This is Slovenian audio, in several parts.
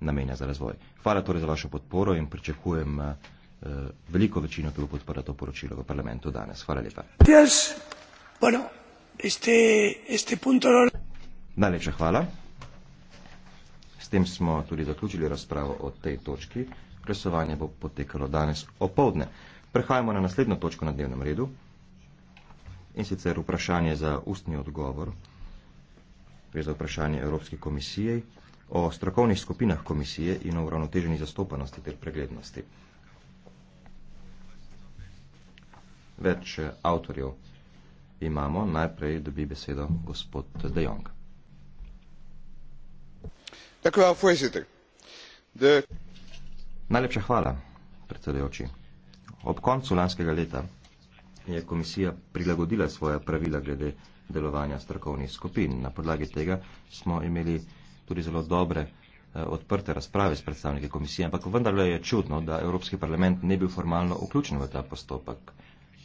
namenja za razvoj. Hvala torej za vašo podporo in pričakujem eh, eh, veliko večino, ki bo podprla to poročilo v parlamentu danes. Hvala lepa. No- Najlepša hvala. S tem smo tudi zaključili razpravo o tej točki. Glasovanje bo potekalo danes opovdne. Prehajamo na naslednjo točko na dnevnem redu in sicer vprašanje za ustni odgovor. Gre za vprašanje Evropske komisije o strokovnih skupinah komisije in o uravnoteženi zastopanosti ter preglednosti. Več eh, avtorjev imamo. Najprej dobi besedo gospod De Jong. Najlepša hvala, predsedujoči. Ob koncu lanskega leta je komisija prilagodila svoja pravila glede delovanja strokovnih skupin. Na podlagi tega smo imeli tudi zelo dobre eh, odprte razprave s predstavniki komisije, ampak vendarle je čudno, da Evropski parlament ne bi formalno vključen v ta postopek.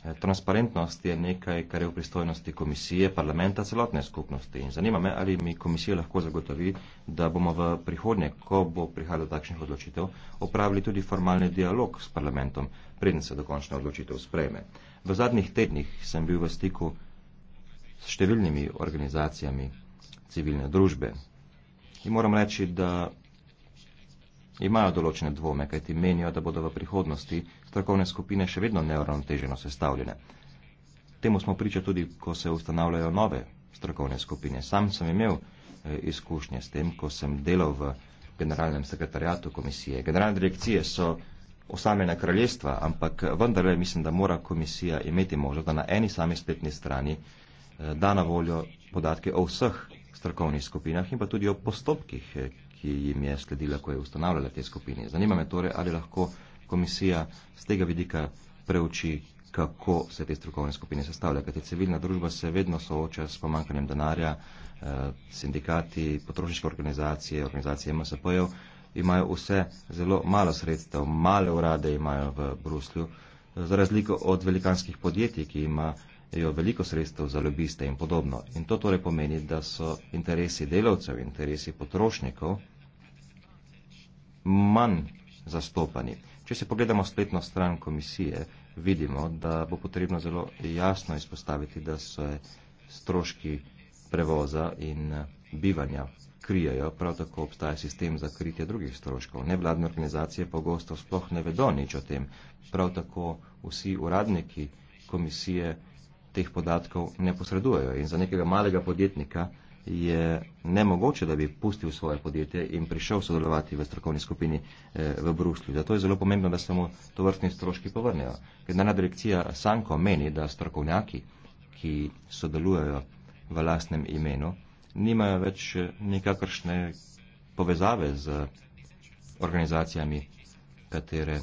Eh, transparentnost je nekaj, kar je v pristojnosti komisije, parlamenta, celotne skupnosti. In zanima me, ali mi komisija lahko zagotovi, da bomo v prihodnje, ko bo prihajalo do takšnih odločitev, opravili tudi formalni dialog s parlamentom, preden se dokončna odločitev sprejme. V zadnjih tednih sem bil v stiku s številnimi organizacijami civilne družbe, In moram reči, da imajo določene dvome, kajti menijo, da bodo v prihodnosti strokovne skupine še vedno neuravnoteženo sestavljene. Temu smo priča tudi, ko se ustanavljajo nove strokovne skupine. Sam sem imel eh, izkušnje s tem, ko sem delal v generalnem sekretarjatu komisije. Generalne direkcije so osamljena kraljestva, ampak vendarle mislim, da mora komisija imeti možnost, da na eni sami spletni strani eh, da na voljo podatke o vseh strokovnih skupinah in pa tudi o postopkih, eh, ki jim je sledila, ko je ustanavljala te skupine. Zanima me torej, ali lahko komisija z tega vidika preuči, kako se te strokovne skupine sestavljajo. Kajte civilna družba se vedno sooča s pomankanjem denarja, eh, sindikati, potrošniške organizacije, organizacije MSP-jev imajo vse zelo malo sredstev, male urade imajo v Bruslju za razliko od velikanskih podjetij, ki imajo veliko sredstev za lobiste in podobno. In to torej pomeni, da so interesi delavcev, interesi potrošnikov manj zastopani. Če se pogledamo spletno stran komisije, vidimo, da bo potrebno zelo jasno izpostaviti, da so stroški prevoza in bivanja krijejo, prav tako obstaja sistem za kritje drugih stroškov. Nevladne organizacije pogosto sploh ne vedo nič o tem, prav tako vsi uradniki komisije teh podatkov ne posredujejo in za nekega malega podjetnika je nemogoče, da bi pustil svoje podjetje in prišel sodelovati v strokovni skupini eh, v Bruslju. Zato je zelo pomembno, da se mu to vrstni stroški povrnejo. Generalna direkcija Sanko meni, da strokovnjaki, ki sodelujejo v lastnem imenu, nimajo več eh, nikakršne povezave z organizacijami, katere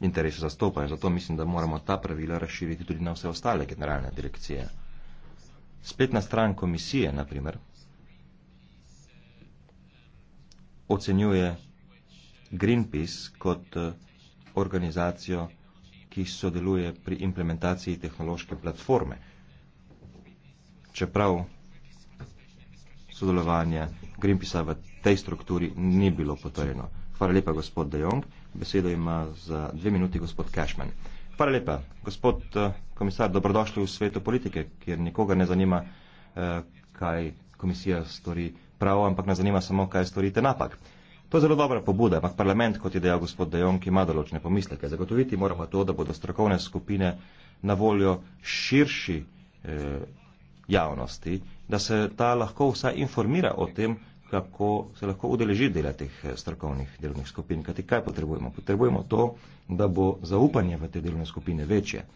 interese zastopajo. Zato mislim, da moramo ta pravila razširiti tudi na vse ostale generalne direkcije. Spetna stran komisije, na primer, ocenjuje Greenpeace kot eh, organizacijo, ki sodeluje pri implementaciji tehnološke platforme čeprav sodelovanje Greenpeacea v tej strukturi ni bilo potrjeno. Hvala lepa, gospod De Jong. Besedo ima za dve minuti gospod Cashman. Hvala lepa, gospod eh, komisar, dobrodošli v svetu politike, kjer nikoga ne zanima, eh, kaj komisija stori prav, ampak ne zanima samo, kaj storite napak. To je zelo dobra pobuda, ampak parlament, kot je dejal gospod Dejonki, ima določene pomisleke. Zagotoviti moramo to, da bodo strokovne skupine na voljo širši eh, javnosti, da se ta lahko vsa informira o tem, kako se lahko udeleži dela teh eh, strokovnih delovnih skupin. Kaj potrebujemo? Potrebujemo to, da bo zaupanje v te delovne skupine večje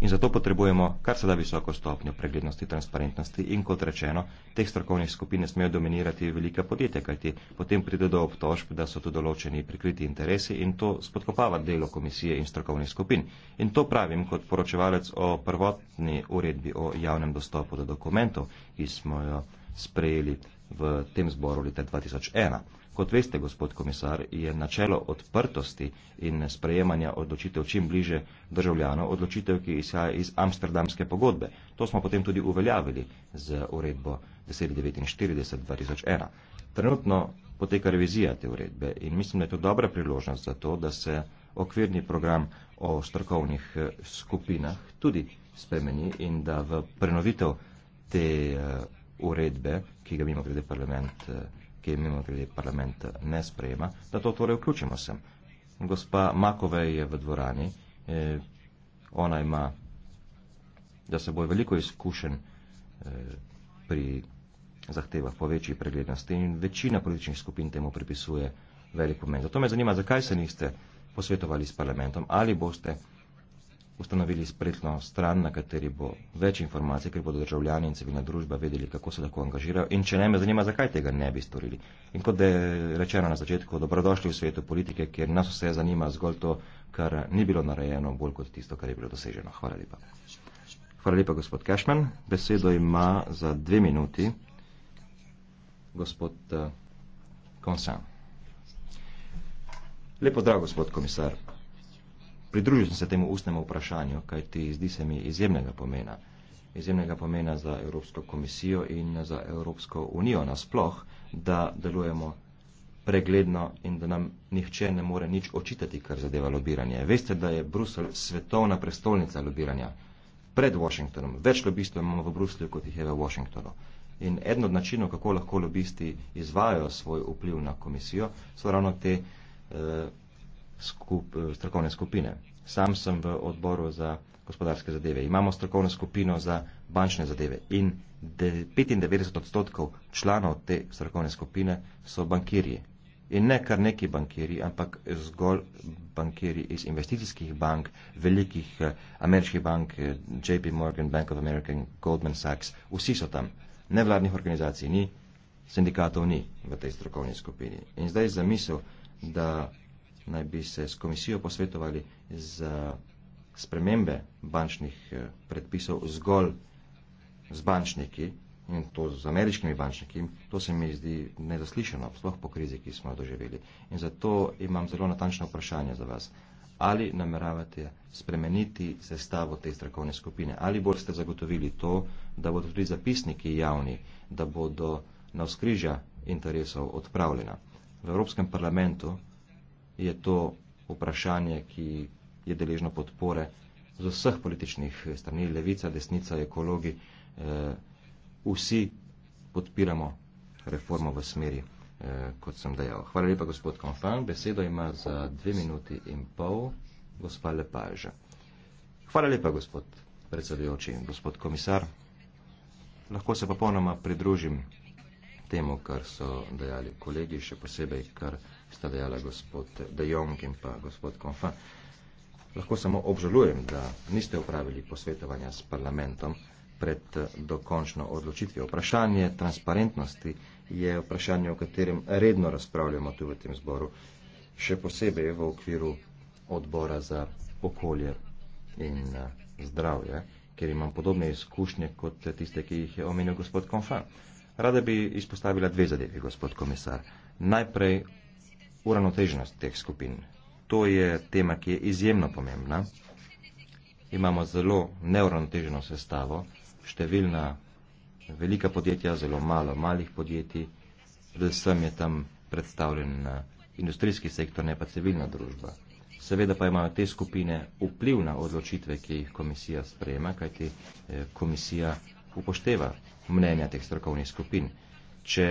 in zato potrebujemo kar se da visoko stopnjo preglednosti, transparentnosti in kot rečeno, teh strokovnih skupin ne smejo dominirati velika podjetja, kajti potem pride do obtožb, da so tu določeni prikriti interesi in to spodkopava delo komisije in strokovnih skupin. In to pravim kot poročevalec o prvotni uredbi o javnem dostopu do dokumentov, ki smo jo sprejeli v tem zboru leta 2001. Kot veste, gospod komisar, je načelo odprtosti in sprejemanja odločitev čim bliže državljano odločitev, ki izhaja iz Amsterdamske pogodbe. To smo potem tudi uveljavili z uredbo 1049-2001. Trenutno poteka revizija te uredbe in mislim, da je to dobra priložnost za to, da se okvirni program o strokovnih eh, skupinah tudi spremeni in da v prenovitev te eh, uredbe, ki ga mimo glede parlament eh, ki je mimo glede parlament ne sprejema, da to torej vključimo sem. Gospa Makove je v dvorani, eh, ona ima da se bo veliko izkušen eh, pri zahtevah po večji preglednosti in večina političnih skupin temu pripisuje velik pomen. Zato me zanima, zakaj se niste posvetovali s parlamentom, ali boste ustanovili spletno stran, na kateri bo več informacij, ker bodo državljani in civilna družba vedeli, kako se lahko angažirajo in če ne me zanima, zakaj tega ne bi storili. In kot je rečeno na začetku, dobrodošli v svetu politike, kjer nas vse zanima zgolj to, kar ni bilo narejeno, bolj kot tisto, kar je bilo doseženo. Hvala lepa. Hvala lepa, gospod Kešman. Besedo ima za dve minuti gospod Konsan. Eh, Lepo zdrav, gospod komisar pridružil sem se temu ustnemu vprašanju, kaj ti zdi se mi izjemnega pomena. Izjemnega pomena za Evropsko komisijo in za Evropsko unijo nasploh, da delujemo pregledno in da nam nihče ne more nič očitati, kar zadeva lobiranje. Veste, da je Brusel svetovna prestolnica lobiranja pred Washingtonom. Več lobistov imamo v Bruslju, kot jih je v Washingtonu. In eden od načinov, kako lahko lobisti izvajajo svoj vpliv na komisijo, so ravno te eh, skup, eh, strokovne skupine. Sam sem v odboru za gospodarske zadeve. Imamo strokovno skupino za bančne zadeve in 95 odstotkov članov te strokovne skupine so bankirji. In ne kar neki bankiri, ampak zgolj bankiri iz investicijskih bank, velikih eh, ameriških bank, eh, JP Morgan, Bank of America, Goldman Sachs, vsi so tam. Nevladnih organizacij ni, sindikatov ni v tej strokovni skupini. In zdaj zamisel, da naj bi se s komisijo posvetovali za spremembe bančnih eh, predpisov zgolj z bančniki in to z ameriškimi bančniki. To se mi zdi nezaslišeno, sploh po krizi, ki smo jo doživeli. In zato imam zelo natančno vprašanje za vas. Ali nameravate spremeniti sestavo te strokovne skupine? Ali boste zagotovili to, da bodo tudi zapisniki javni, da bodo na vzkrižja interesov odpravljena? V Evropskem parlamentu je to vprašanje, ki je deležno podpore z vseh političnih strani, levica, desnica, ekologi, eh, vsi podpiramo reformo v smeri, eh, kot sem dejal. Hvala lepa, gospod Konfan. Besedo ima za dve minuti in pol gospa Lepaža. Hvala lepa, gospod predsedujoči in gospod komisar. Lahko se popolnoma pridružim temu, kar so dejali kolegi, še posebej, kar sta dejala gospod De Jong in pa gospod Konfan. Lahko samo obžalujem, da niste upravili posvetovanja s parlamentom pred eh, dokončno odločitvijo. Vprašanje transparentnosti je vprašanje, o katerem redno razpravljamo tu v tem zboru, še posebej v okviru odbora za okolje in eh, zdravje, ker imam podobne izkušnje kot tiste, ki jih je omenil gospod Konfan. Rada bi izpostavila dve zadevi, gospod komisar. Najprej uravnoteženost teh skupin. To je tema, ki je izjemno pomembna. Imamo zelo neuravnoteženo sestavo, številna velika podjetja, zelo malo malih podjetij, predvsem je tam predstavljen eh, industrijski sektor, ne pa civilna družba. Seveda pa imajo te skupine vpliv na odločitve, ki jih komisija sprejema, kajti eh, komisija upošteva mnenja teh strokovnih skupin. Če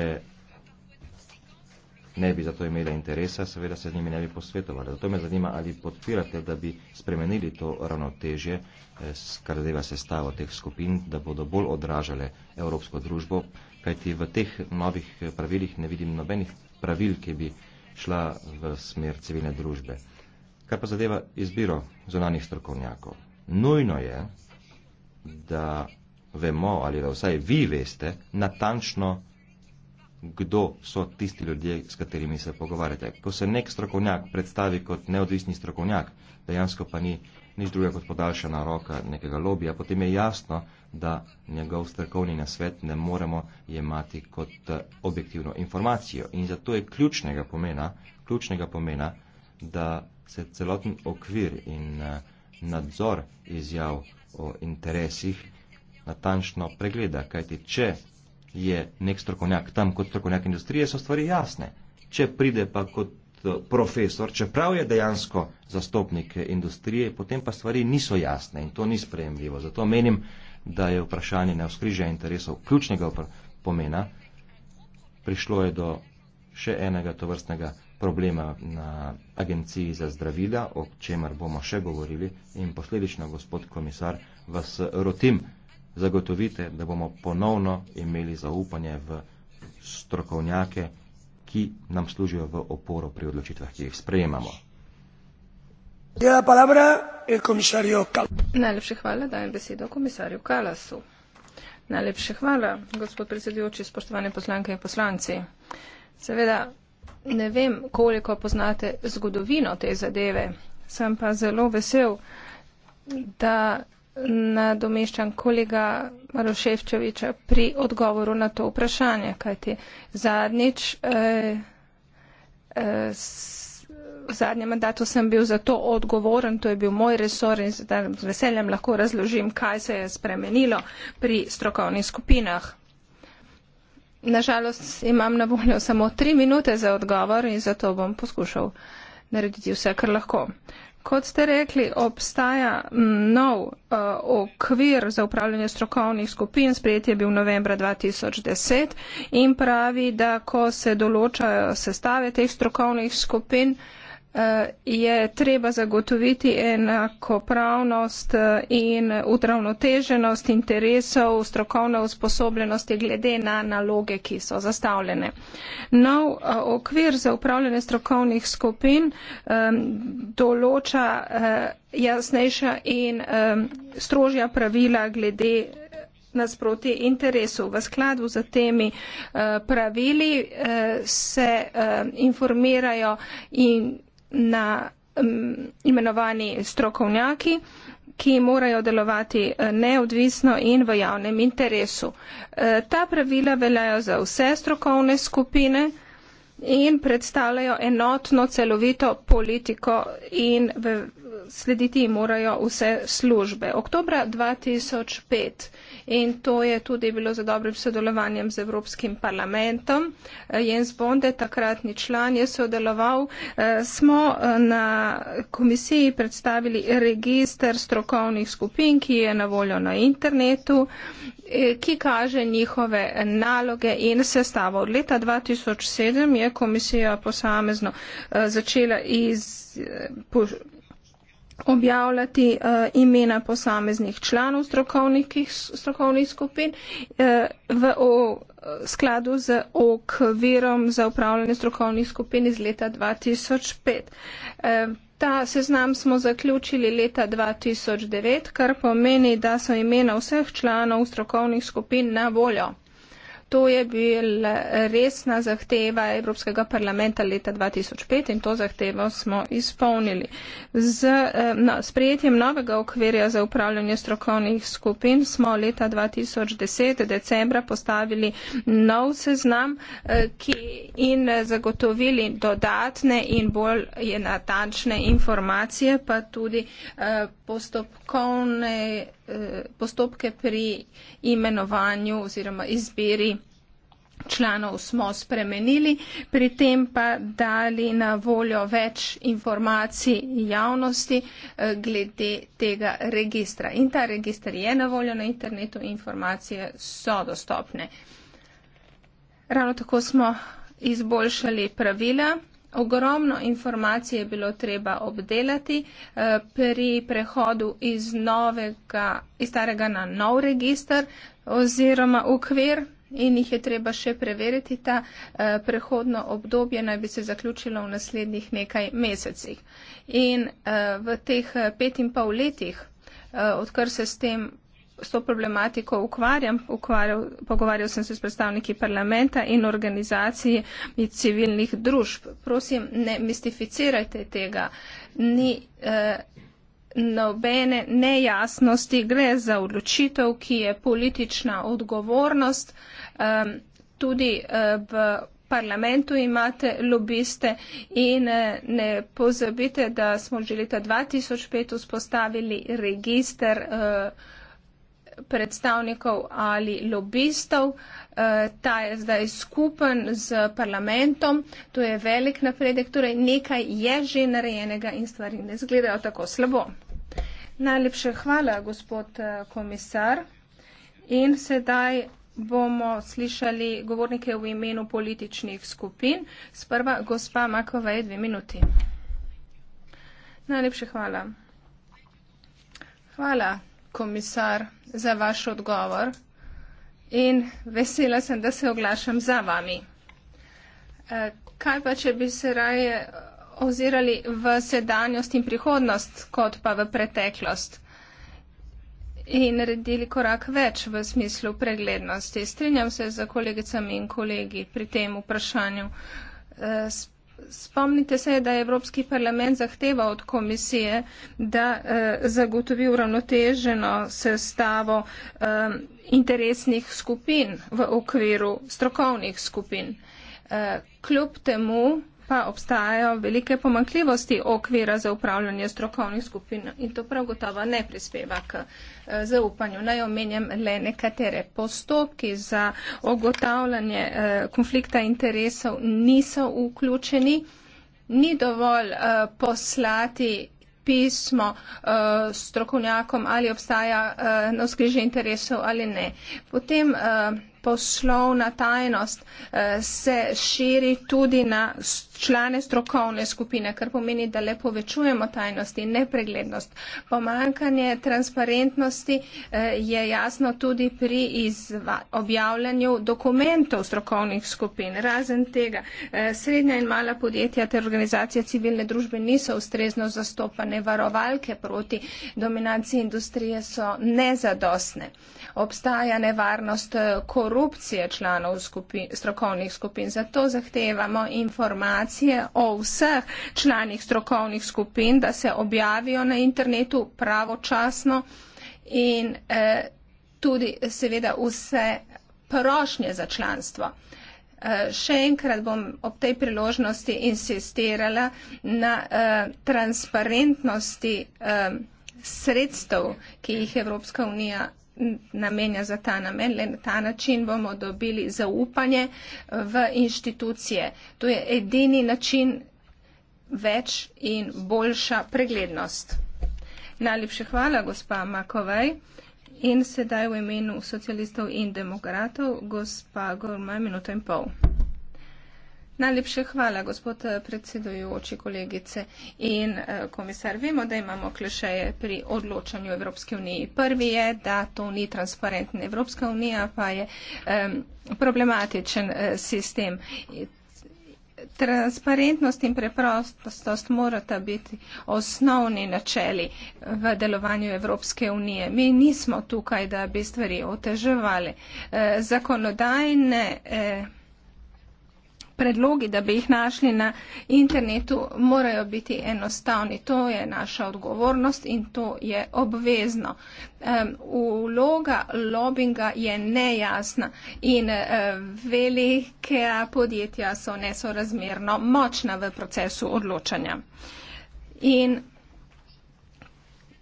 ne bi za to imele interesa, seveda se z njimi ne bi posvetovali. Zato me zanima, ali podpirate, da bi spremenili to ravnotežje, eh, kar zadeva sestavo teh skupin, da bodo bolj odražale evropsko družbo, kajti v teh novih eh, pravilih ne vidim nobenih pravil, ki bi šla v smer civilne družbe. Kar pa zadeva izbiro zunanih strokovnjakov. Nujno je, da vemo ali da vsaj vi veste natančno, kdo so tisti ljudje, s katerimi se pogovarjate. Ko se nek strokovnjak predstavi kot neodvisni strokovnjak, dejansko pa ni nič druga kot podaljšana roka nekega lobija, potem je jasno, da njegov strokovni nasvet ne moremo jemati kot eh, objektivno informacijo. In zato je ključnega pomena, ključnega pomena da se celoten okvir in eh, nadzor izjav o interesih natančno pregleda, kajti če je nek strokovnjak tam kot strokovnjak industrije, so stvari jasne. Če pride pa kot eh, profesor, čeprav je dejansko zastopnik industrije, potem pa stvari niso jasne in to ni sprejemljivo. Zato menim, da je vprašanje neoskrižja interesov ključnega pomena. Prišlo je do še enega tovrstnega problema na agenciji za zdravila, o čemer bomo še govorili in posledično, gospod komisar, vas rotim, zagotovite, da bomo ponovno imeli zaupanje v strokovnjake, ki nam služijo v oporo pri odločitvah, ki jih sprejemamo. Najlepše hvala, dajem besedo komisarju Kalasu. Najlepše hvala, gospod predsedujoči, spoštovane poslanke in poslanci. Seveda ne vem, koliko poznate zgodovino te zadeve, sem pa zelo vesel, da nadomeščam kolega Maroševčeviča pri odgovoru na to vprašanje, kajti zadnjič, eh, eh, v zadnjem mandatu sem bil za to odgovoren, to je bil moj resor in z veseljem lahko razložim, kaj se je spremenilo pri strokovnih skupinah. Nažalost imam na voljo samo tri minute za odgovor in zato bom poskušal narediti vse, kar lahko. Kot ste rekli, obstaja nov uh, okvir za upravljanje strokovnih skupin, sprejet je bil novembra 2010 in pravi, da ko se določajo sestave teh strokovnih skupin, uh, Eh, je treba zagotoviti enakopravnost eh, in utravnoteženost interesov, strokovne usposobljenosti glede na naloge, ki so zastavljene. Nov eh, okvir za upravljanje strokovnih skupin določa jasnejša in strožja pravila glede nasproti interesu. V skladu z temi pravili se informirajo in na um, imenovani strokovnjaki, ki morajo delovati eh, neodvisno in v javnem interesu. E, ta pravila veljajo za vse strokovne skupine in predstavljajo enotno celovito politiko in slediti morajo vse službe. Oktober 2005 in to je tudi bilo za dobrim sodelovanjem z Evropskim parlamentom. Eh, Jens Bonde, takratni član, je sodeloval. Eh, smo eh, na komisiji predstavili registr strokovnih skupin, ki je na voljo na internetu ki kaže njihove naloge in sestavo. Od leta 2007 je komisija posamezno začela iz, po, objavljati uh, imena posameznih članov strokovnih, strokovnih skupin uh, v o, skladu z okvirom za upravljanje strokovnih skupin iz leta 2005. Uh, eh, Ta seznam smo zaključili leta 2009, kar pomeni, da so imena vseh članov strokovnih skupin na voljo. To je bila resna zahteva Evropskega parlamenta leta 2005 in to zahtevo smo izpolnili. Z eh, no, sprejetjem novega okvirja za upravljanje strokovnih skupin smo leta 2010 decembra postavili nov seznam eh, ki, in eh, zagotovili dodatne in bolj natančne informacije, pa tudi postopkovne Eh, postopke pri imenovanju oziroma izbiri članov smo spremenili, pri tem pa dali na voljo več informacij javnosti eh, glede tega registra. In ta registr je na voljo na internetu, informacije so dostopne. Ravno tako smo izboljšali pravila. Ogromno informacij je bilo treba obdelati eh, pri prehodu iz, novega, iz starega na nov register oziroma ukvir in jih je treba še preveriti. Ta eh, prehodno obdobje naj bi se zaključilo v naslednjih nekaj mesecih. In eh, v teh pet in pol letih, odkar se s tem s to problematiko ukvarjam, ukvarjal, pogovarjal sem se s predstavniki parlamenta in organizacije in civilnih družb. Prosim, ne mistificirajte tega. Ni eh, nobene nejasnosti, gre za odločitev, ki je politična odgovornost. Eh, tudi eh, v parlamentu imate lobiste in eh, ne pozabite, da smo že leta 2005 vzpostavili register. Eh, predstavnikov ali lobistov. Eh, ta je zdaj skupen z parlamentom, to je velik napredek, torej nekaj je že narejenega in stvari ne izgledajo tako slabo. Najlepše hvala, gospod eh, komisar. In sedaj bomo slišali govornike v imenu političnih skupin. Sprva gospa Makova je dve minuti. Najlepše hvala. Hvala komisar, za vaš odgovor in vesela sem, da se oglašam za vami. Eh, kaj pa, če bi se raje ozirali v sedanjost in prihodnost, kot pa v preteklost in naredili korak več v smislu preglednosti? Strinjam se za kolegicami in kolegi pri tem vprašanju. Eh, Spomnite se, da je Evropski parlament zahteval od komisije, da eh, zagotovi uravnoteženo sestavo eh, interesnih skupin v okviru strokovnih skupin. Eh, kljub temu, pa obstajajo velike pomankljivosti okvira za upravljanje strokovnih skupin in to prav gotovo ne prispeva k eh, zaupanju. Naj omenjam le nekatere postopki za ogotavljanje eh, konflikta interesov niso vključeni. Ni dovolj eh, poslati pismo strokovnjakom, ali obstaja navskrižje interesov ali ne. Potem poslovna tajnost eh, se širi tudi na člane strokovne skupine, kar pomeni, da le povečujemo tajnost in nepreglednost. Pomankanje transparentnosti eh, je jasno tudi pri objavljanju dokumentov strokovnih skupin. Razen tega, eh, srednja in mala podjetja ter organizacije civilne družbe niso ustrezno zastopane. Varovalke proti dominaciji industrije so nezadosne. Obstaja nevarnost korupcije korupcije članov skupin, strokovnih skupin. Zato zahtevamo informacije o vseh članih strokovnih skupin, da se objavijo na internetu pravočasno in eh, tudi seveda vse prošnje za članstvo. Eh, še enkrat bom ob tej priložnosti insistirala na eh, transparentnosti eh, sredstev, ki jih Evropska unija namenja za ta namen. Le na ta način bomo dobili zaupanje v inštitucije. To je edini način več in boljša preglednost. Najlepše hvala, gospa Makovej. In sedaj v imenu socialistov in demokratov, gospa Gorma, minuto in pol. Najlepše hvala, gospod eh, predsedujoči, kolegice in eh, komisar. Vemo, da imamo klišeje pri odločanju Evropske unije. Prvi je, da to ni transparentno. Evropska unija pa je um, problematičen uh, sistem. Transparentnost in preprostost morata biti osnovni načeli v delovanju Evropske unije. Mi nismo tukaj, da bi stvari oteževali. Uh, zakonodajne uh, predlogi, da bi jih našli na internetu, morajo biti enostavni. To je naša odgovornost in to je obvezno. Um, uloga lobinga je nejasna in uh, eh, velike podjetja so nesorazmerno močna v procesu odločanja. In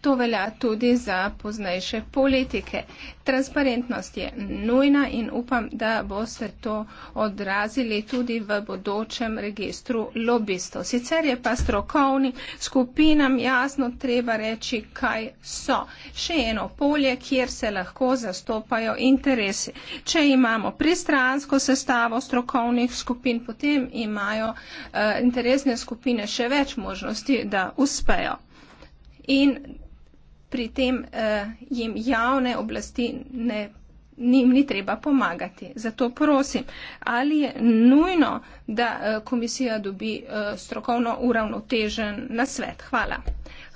To velja tudi za poznejše politike. Transparentnost je nujna in upam, da bo se to odrazili tudi v bodočem registru lobistov. Sicer je pa strokovni skupinam jasno treba reči, kaj so. Še eno polje, kjer se lahko zastopajo interesi. Če imamo pristransko sestavo strokovnih skupin, potem imajo uh, interesne skupine še več možnosti, da uspejo. In pri tem eh, jim javne oblasti ne, njim ni treba pomagati. Zato prosim, ali je nujno, da eh, komisija dobi eh, strokovno uravnotežen nasvet? Hvala.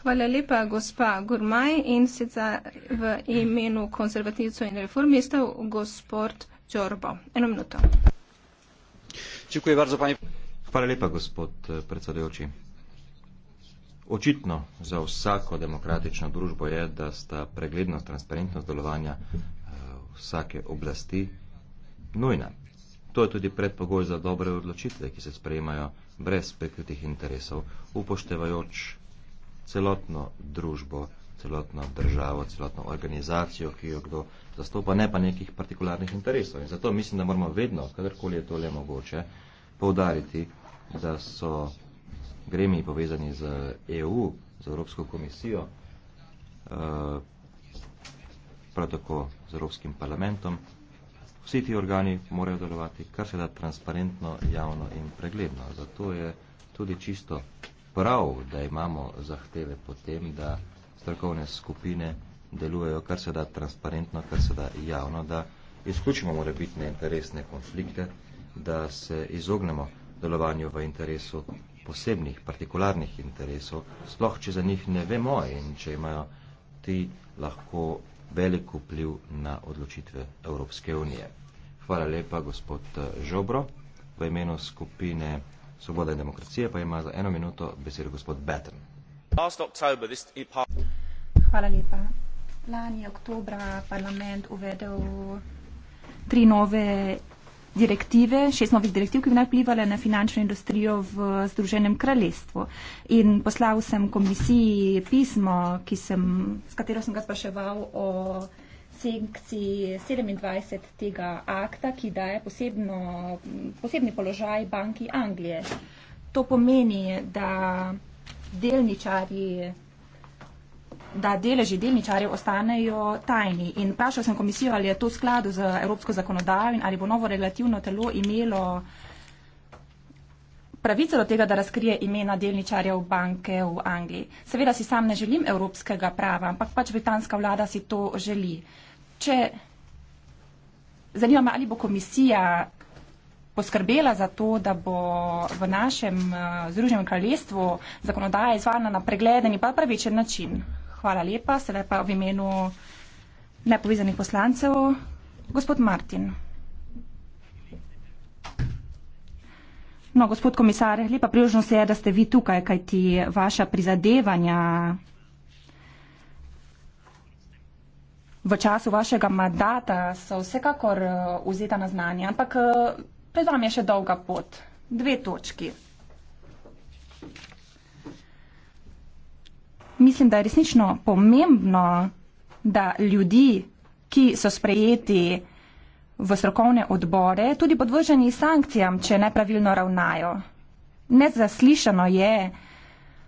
Hvala lepa, gospa Gurmaj in sicer v imenu konzervativcev in reformistov, gospod Čorbo. Eno minuto. Hvala lepa, gospod eh, predsedujoči. Očitno za vsako demokratično družbo je, da sta preglednost, transparentnost delovanja eh, vsake oblasti nujna. To je tudi predpogoj za dobre odločitve, ki se sprejemajo brez prekritih interesov, upoštevajoč celotno družbo, celotno državo, celotno organizacijo, ki jo kdo zastopa, ne pa nekih partikularnih interesov. In zato mislim, da moramo vedno, kadarkoli je to le mogoče, poudariti, da so gremi povezani z EU, z Evropsko komisijo, eh, prav tako z Evropskim parlamentom. Vsi ti organi morajo delovati kar se da transparentno, javno in pregledno. Zato je tudi čisto prav, da imamo zahteve potem, da strokovne skupine delujejo kar se da transparentno, kar se da javno, da izključimo morebitne interesne konflikte, da se izognemo delovanju v interesu posebnih, partikularnih interesov, sploh če za njih ne vemo in če imajo ti lahko veliko vpliv na odločitve Evropske unije. Hvala lepa, gospod eh, Žobro. V imenu skupine Svoboda in demokracije pa ima za eno minuto besedo gospod Batten. Hvala lepa. Lani oktobra parlament uvedel tri nove direktive, šest novih direktiv, ki bi naj vplivali na finančno industrijo v Združenem kraljestvu. In poslal sem komisiji pismo, ki sem, s katero sem ga spraševal o sekciji 27 tega akta, ki daje posebno, posebni položaj banki Anglije. To pomeni, da delničarji da deleži delničarjev ostanejo tajni. In vprašal sem komisijo, ali je to v skladu z evropsko zakonodajo in ali bo novo regulativno telo imelo pravico do tega, da razkrije imena delničarjev banke v Angliji. Seveda si sam ne želim evropskega prava, ampak pač britanska vlada si to želi. Če zanima me, ali bo komisija poskrbela za to, da bo v našem uh, Združenem kraljestvu zakonodaja izvana na pregleden in pa pravičen način. Hvala lepa. Sedaj pa v imenu nepovezanih poslancev. Gospod Martin. No, gospod komisar, lepa priložnost je, da ste vi tukaj, kajti vaša prizadevanja v času vašega mandata so vsekakor eh, vzeta na znanje, ampak eh, pred vami je še dolga pot. Dve točki. mislim, da je resnično pomembno, da ljudi, ki so sprejeti v strokovne odbore, tudi podvrženi sankcijam, če nepravilno ravnajo. Nezaslišano je,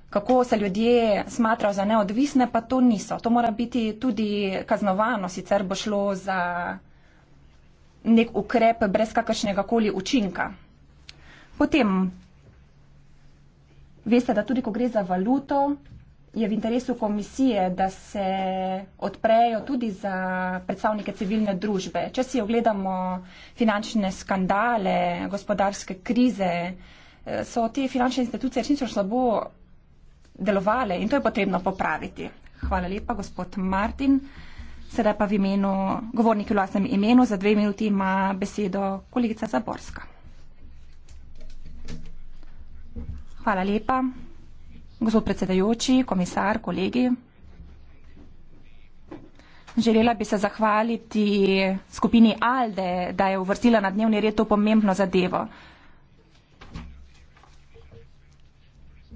kako se ljudje smatrajo za neodvisne, pa to niso. To mora biti tudi kaznovano, sicer bo šlo za nek ukrep brez kakršnega koli učinka. Potem, veste, da tudi ko gre za valuto, je v interesu komisije, da se odprejo tudi za predstavnike civilne družbe. Če si ogledamo finančne skandale, gospodarske krize, eh, so te finančne institucije resnično slabo delovale in to je potrebno popraviti. Hvala lepa, gospod Martin. Sedaj pa v imenu, govornik v lastnem imenu, za dve minuti ima besedo kolegica Zaborska. Hvala lepa. Gospod predsedajoči, komisar, kolegi. Želela bi se zahvaliti skupini ALDE, da je uvrstila na dnevni red to pomembno zadevo.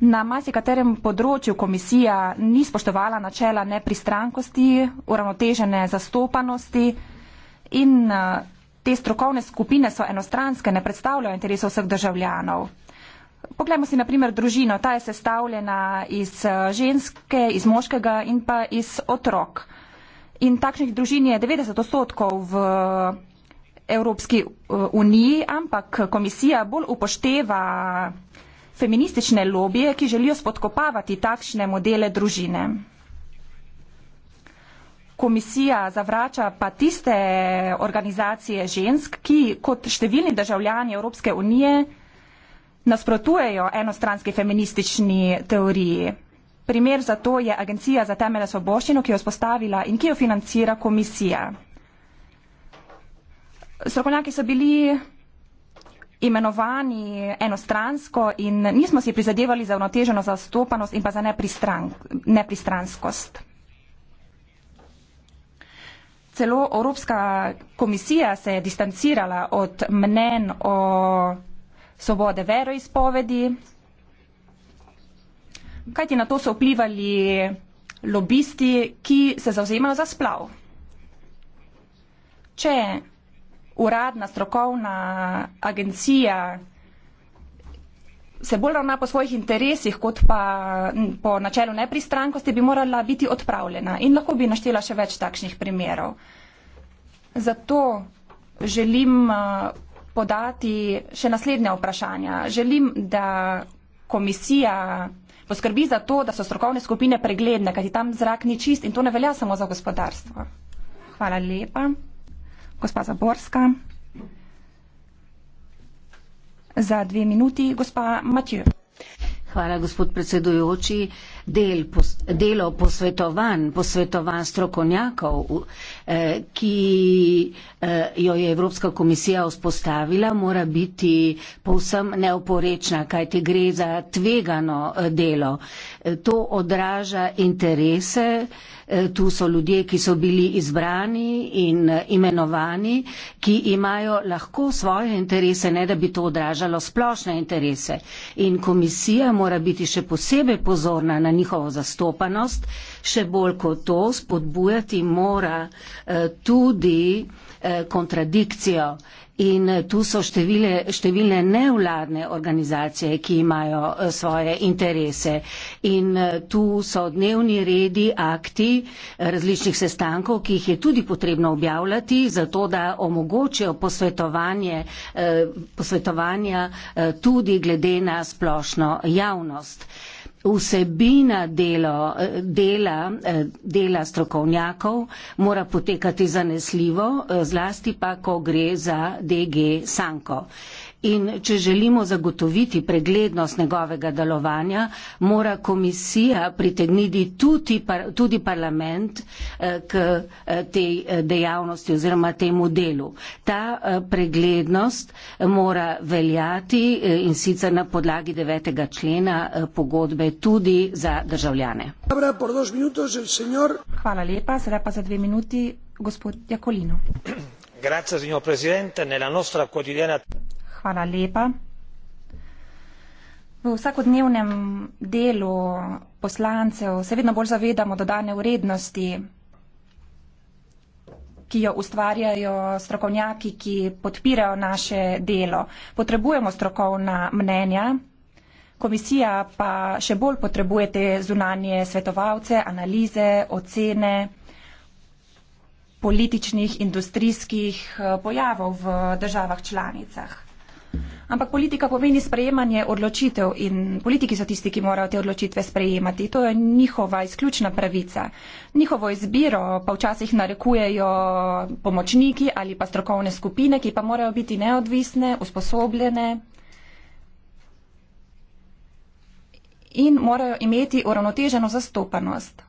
Na marsikaterem področju komisija ni spoštovala načela nepristrankosti, uravnotežene zastopanosti in eh, te strokovne skupine so enostranske, ne predstavljajo interesov vseh državljanov. Poglejmo si naprimer družino. Ta je sestavljena iz eh, ženske, iz moškega in pa iz otrok. In takšnih družin je 90 odstotkov v eh, Evropski eh, uniji, ampak komisija bolj upošteva feministične lobije, ki želijo spodkopavati takšne modele družine. Komisija zavrača pa tiste organizacije žensk, ki kot številni državljani Evropske unije nasprotujejo enostranski feministični teoriji. Primer za to je Agencija za temelje svoboščino, ki jo spostavila in ki jo financira komisija. Strokovnjaki so bili imenovani enostransko in nismo si prizadevali za unoteženo zastopanost in pa za nepristranskost. Celo Evropska komisija se je distancirala od mnen o svobode veroizpovedi. Kajti na to so vplivali lobisti, ki se zauzemajo za splav. Če uradna strokovna agencija se bolj ravna po svojih interesih, kot pa po načelu nepristrankosti, bi morala biti odpravljena. In lahko bi naštela še več takšnih primerov. Zato želim podati še naslednja vprašanja. Želim, da komisija poskrbi za to, da so strokovne skupine pregledne, kajti tam zrak ni čist in to ne velja samo za gospodarstvo. Hvala lepa. Gospa Zaborska. Za dve minuti, gospa Matjo. Hvala, gospod predsedujoči. Uh, del, pos, delo posvetovanj, posvetovanj strokovnjakov, eh, ki eh, jo je Evropska komisija vzpostavila, mora biti povsem neoporečna, kajti gre za tvegano eh, delo. Eh, to odraža interese, eh, tu so ljudje, ki so bili izbrani in eh, imenovani, ki imajo lahko svoje interese, ne da bi to odražalo splošne interese. In komisija mora biti še posebej pozorna na njihovo zastopanost, še bolj kot to spodbujati mora eh, tudi eh, kontradikcijo. In eh, tu so številne, številne nevladne organizacije, ki imajo svoje interese. In tu so dnevni redi, akti različnih sestankov, ki jih je tudi potrebno objavljati, zato da omogočijo posvetovanja tudi glede na splošno javnost vsebina delo, dela, eh, dela strokovnjakov mora potekati zanesljivo, eh, zlasti pa, ko gre za DG Sanko in če želimo zagotoviti preglednost njegovega delovanja, mora komisija pritegniti tudi, par, tudi parlament eh, k eh, tej eh, dejavnosti oziroma temu delu. Ta preglednost mora veljati in sicer na podlagi 9. člena pogodbe tudi za državljane. Hvala lepa, sedaj pa za dve minuti gospod Jakolino. Hvala lepa. V vsakodnevnem delu poslancev se vedno bolj zavedamo dodane vrednosti, ki jo ustvarjajo strokovnjaki, ki podpirajo naše delo. Potrebujemo strokovna mnenja, komisija pa še bolj potrebuje te zunanje svetovalce, analize, ocene političnih, industrijskih eh, pojavov v državah članicah. Ampak politika pomeni sprejemanje odločitev in politiki so tisti, ki morajo te odločitve sprejemati. To je njihova izključna pravica. Njihovo izbiro pa včasih narekujejo pomočniki ali pa strokovne skupine, ki pa morajo biti neodvisne, usposobljene in morajo imeti uravnoteženo zastopanost.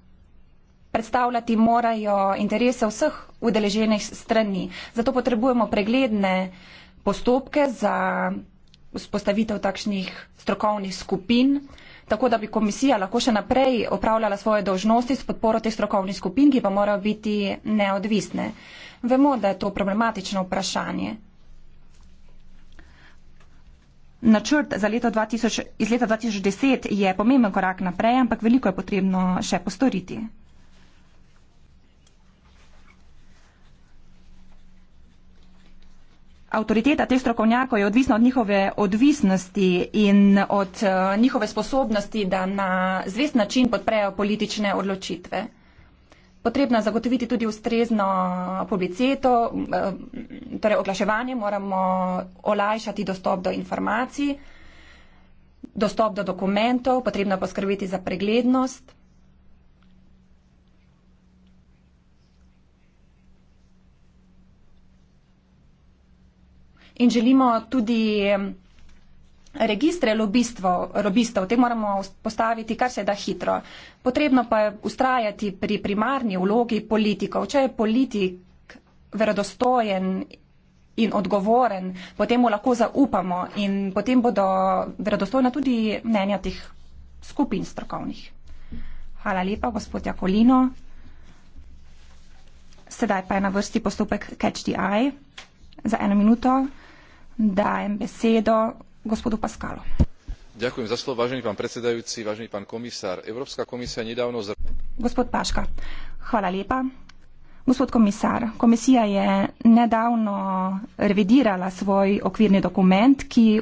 Predstavljati morajo interese vseh udeleženih strani. Zato potrebujemo pregledne postopke za vzpostavitev takšnih strokovnih skupin, tako da bi komisija lahko še naprej opravljala svoje dožnosti s podporo teh strokovnih skupin, ki pa morajo biti neodvisne. Vemo, da je to problematično vprašanje. Načrt za leto 2000, iz leta 2010 je pomemben korak naprej, ampak veliko je potrebno še postoriti. avtoriteta teh strokovnjakov je odvisna od njihove odvisnosti in od eh, njihove sposobnosti, da na zvest način podprejo politične odločitve. Potrebno je zagotoviti tudi ustrezno publiceto, eh, torej oglaševanje moramo olajšati dostop do informacij, dostop do dokumentov, potrebno je poskrbeti za preglednost. in želimo tudi registre lobistov. Te moramo postaviti kar se da hitro. Potrebno pa je ustrajati pri primarni vlogi politikov. Če je politik verodostojen in odgovoren, potem mu lahko zaupamo in potem bodo verodostojna tudi mnenja teh skupin strokovnih. Hvala lepa, gospod Jakolino. Sedaj pa je na vrsti postopek Catch the Eye za eno minuto dajem besedo gospodu pascalu. Ďakujem za slovo, vážený pán predsedajúci, vážený pán komisár. Európska komisia nedávno... Zr- Gospod Paška, hvala lepa. Gospod komisar, komisija je nedavno revidirala svoj okvirni dokument, ki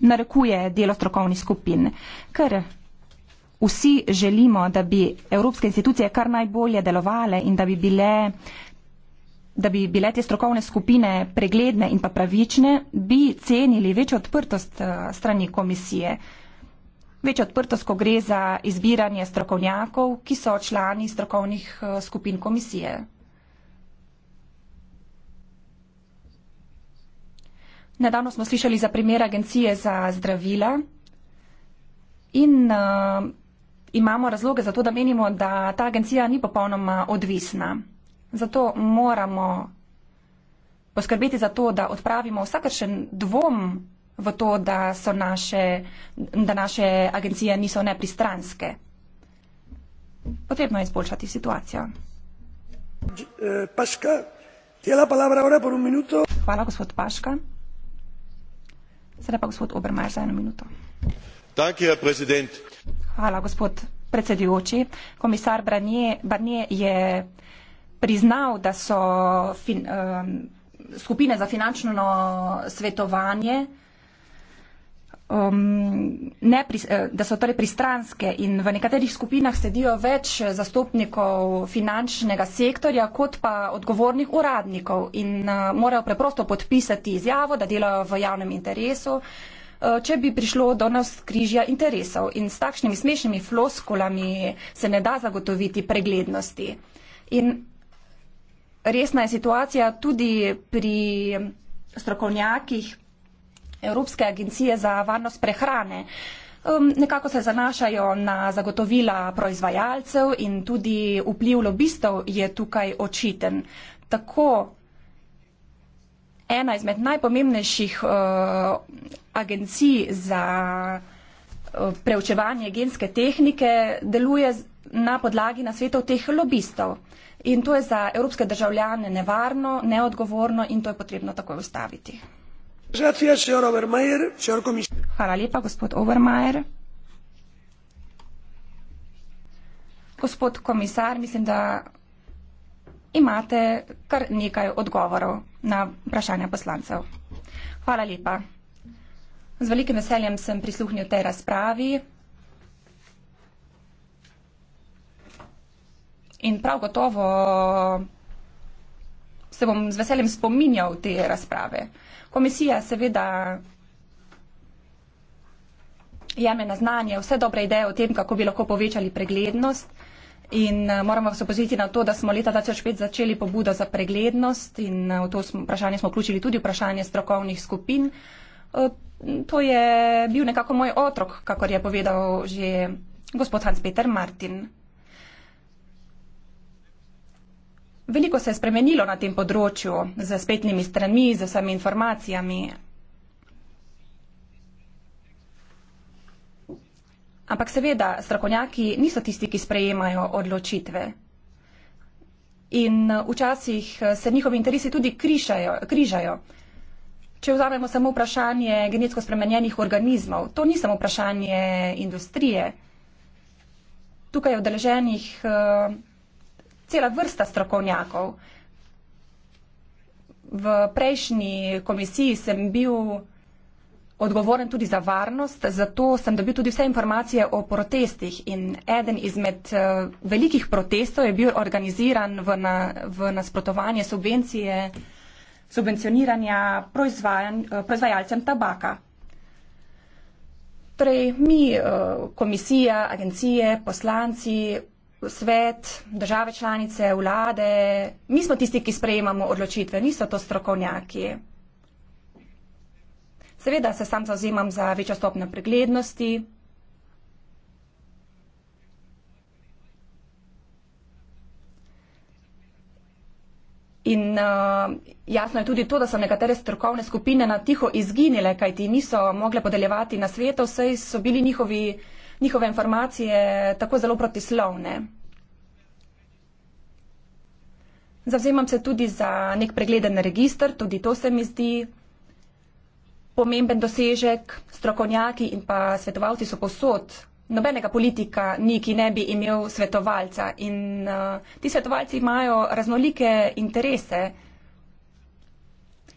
narekuje delo strokovnih skupin, ker vsi želimo, da bi evropske institucije kar najbolje delovale in da bi bile da bi bile te strokovne skupine pregledne in pa pravične, bi cenili večjo odprtost eh, strani komisije. Večjo odprtost, ko gre za izbiranje strokovnjakov, ki so člani strokovnih eh, skupin komisije. Nedavno smo slišali za primer agencije za zdravila in uh, imamo razloge za to, da menimo, da ta agencija ni popolnoma odvisna. Zato moramo poskrbeti za to, da odpravimo vsakršen dvom v to, da, naše, da naše agencije niso nepristranske. Potrebno je izboljšati situacijo. Paška, tela palabra ora por un minuto. Hvala, gospod Paška. Sedaj pa gospod Obermajer za eno minuto. Hvala, gospod predsedujoči. Komisar Barnier je priznal, da so fin, um, skupine za finančno svetovanje um, pri, eh, da so torej pristranske in v nekaterih skupinah sedijo več zastopnikov finančnega sektorja kot pa odgovornih uradnikov in uh, morajo preprosto podpisati izjavo, da delajo v javnem interesu eh, če bi prišlo do nas križja interesov. In s takšnimi smešnimi floskulami se ne da zagotoviti preglednosti. In resna je situacija tudi pri strokovnjakih Evropske agencije za varnost prehrane. Um, nekako se zanašajo na zagotovila proizvajalcev in tudi vpliv lobistov je tukaj očiten. Tako ena izmed najpomembnejših uh, agencij za uh, preučevanje genske tehnike deluje na podlagi nasvetov teh lobistov. In to je za evropske državljane nevarno, neodgovorno in to je potrebno takoj ustaviti. Hvala lepa, gospod Overmajer. Gospod komisar, mislim, da imate kar nekaj odgovorov na vprašanja poslancev. Hvala lepa. Z velikim veseljem sem prisluhnil tej razpravi. In prav gotovo se bom z veseljem spominjal te razprave. Komisija seveda jame na znanje vse dobre ideje o tem, kako bi lahko povečali preglednost. In eh, moramo se opozoriti na to, da smo leta 2005 začeli pobudo za preglednost in eh, v to vprašanje smo vključili tudi vprašanje strokovnih skupin. Eh, to je bil nekako moj otrok, kakor je povedal že gospod Hans Peter Martin. Veliko se je spremenilo na tem področju, z spletnimi stranmi, z vsemi informacijami. Ampak seveda, strokovnjaki niso tisti, ki sprejemajo odločitve. In uh, včasih uh, se njihovi interesi tudi krišajo, križajo. Če vzamemo samo vprašanje genetsko spremenjenih organizmov, to ni samo vprašanje industrije. Tukaj je odeleženih. Uh, cela vrsta strokovnjakov. V prejšnji komisiji sem bil odgovoren tudi za varnost, zato sem dobil tudi vse informacije o protestih in eden izmed eh, velikih protestov je bil organiziran v, na, v nasprotovanje subvencije, subvencioniranja eh, proizvajalcem tabaka. Torej, mi, eh, komisija, agencije, poslanci svet, države članice, vlade, mi smo tisti, ki sprejemamo odločitve, niso to strokovnjaki. Seveda se sam zauzemam za večjo stopnjo preglednosti. In uh, jasno je tudi to, da so nekatere strokovne skupine na tiho izginile, kajti niso mogle podeljevati na svetu, vsej so bili njihovi uh, njihove informacije tako zelo protislovne. Zavzemam se tudi za nek pregleden registr, tudi to se mi zdi pomemben dosežek. Strokovnjaki in pa svetovalci so posod. Nobenega politika ni, ki ne bi imel svetovalca. In uh, ti svetovalci imajo raznolike interese.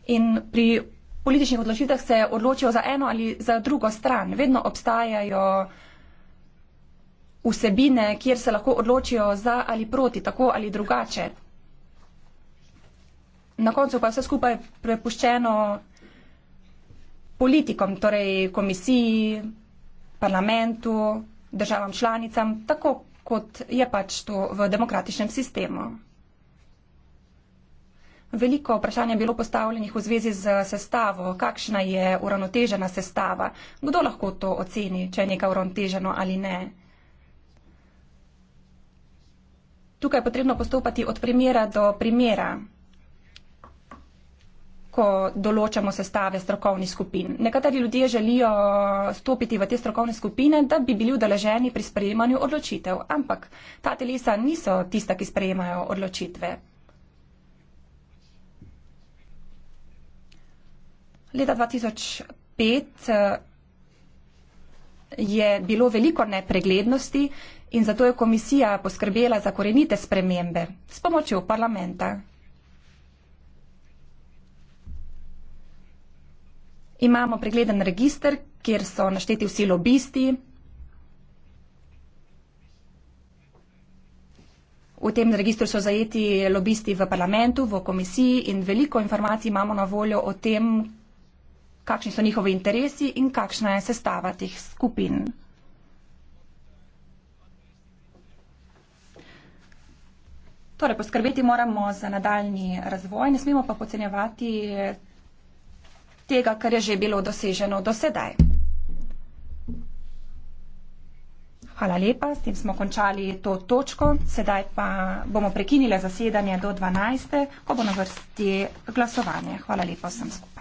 In pri političnih odločitvah se odločijo za eno ali za drugo stran. Vedno obstajajo uh, vsebine, kjer se lahko odločijo za ali proti, tako ali drugače. Na koncu pa vse skupaj prepuščeno politikom, torej komisiji, parlamentu, državam članicam, tako kot je pač to v demokratičnem sistemu. Veliko vprašanje je bilo postavljenih v zvezi z sestavo, kakšna je uravnotežena sestava, kdo lahko to oceni, če je nekaj uravnoteženo ali ne. tukaj je potrebno postopati od primera do primera, ko določamo sestave strokovnih skupin. Nekateri ljudje želijo stopiti v te strokovne skupine, da bi bili udeleženi pri sprejemanju odločitev, ampak ta telesa niso tista, ki sprejemajo odločitve. Leta 2005 eh, je bilo veliko nepreglednosti, in zato je komisija poskrbela za korenite spremembe s pomočjo parlamenta. Imamo pregleden register, kjer so našteti vsi lobisti. V tem registru so zajeti lobisti v parlamentu, v komisiji in veliko informacij imamo na voljo o tem, kakšni so njihovi interesi in kakšna je sestava teh skupin. Torej, poskrbeti moramo za nadaljni razvoj, ne smemo pa pocenjevati tega, kar je že bilo doseženo do sedaj. Hvala lepa, s tem smo končali to točko. Sedaj pa bomo prekinili zasedanje do 12. ko bo na vrsti glasovanje. Hvala lepa vsem skupaj.